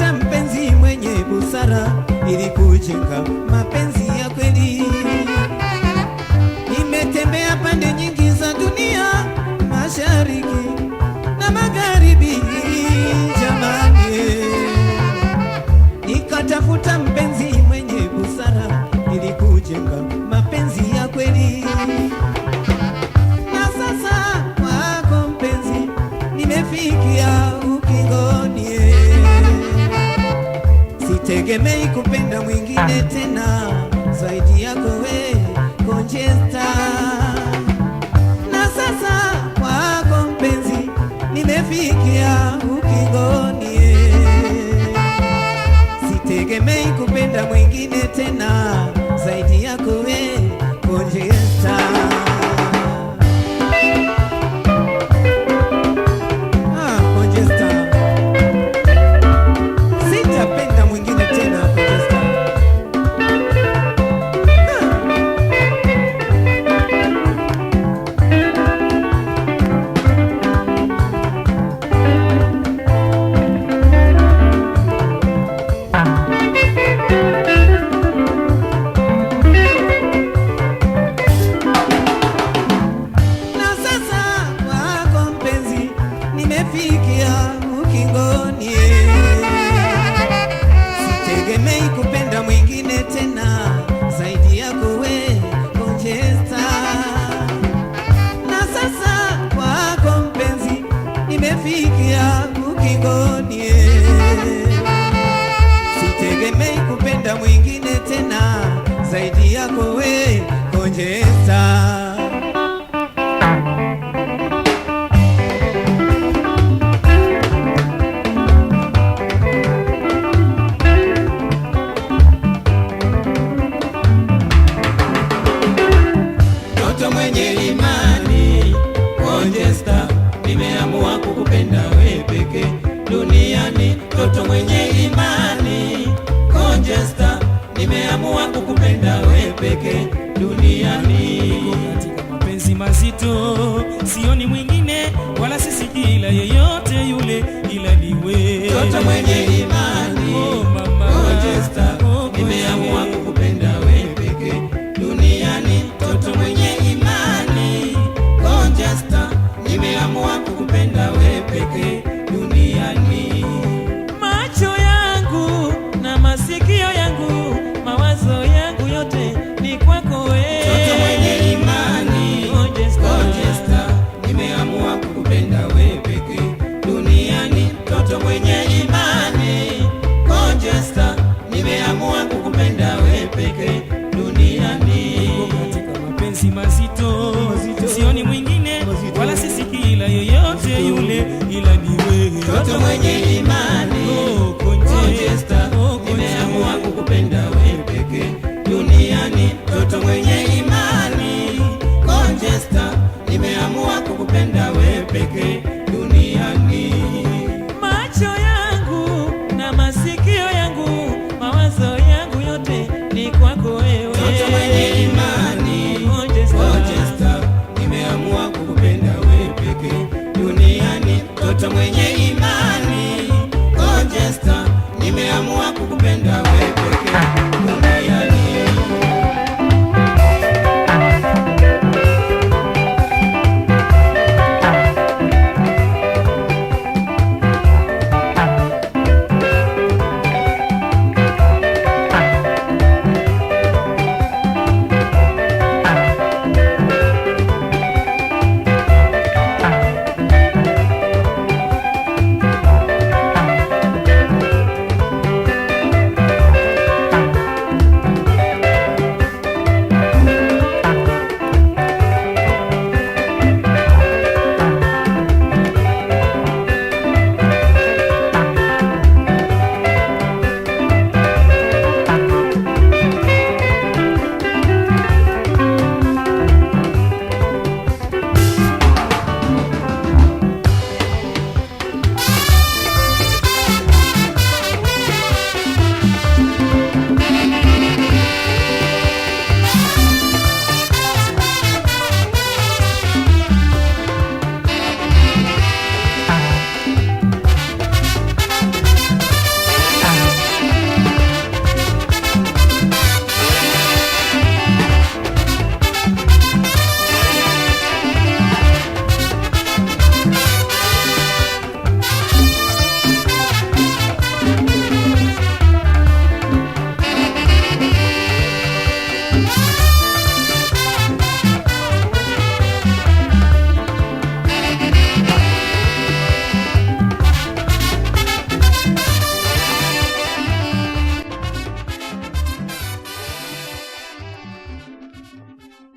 Tafuta mpenzi mwenye busara ili kujenga mapenzi ya kweli. zaidi yako we Conchesta. Na sasa kwako mpenzi, nimefikia ukingoni pekee duniani. Katika mapenzi mazito, sioni mwingine wala sisi ila yeyote yule, ila wewe, mtoto mwenye imani, oh mama oh, mtu mwenye imani. nimeamua kukupenda wewe pekee.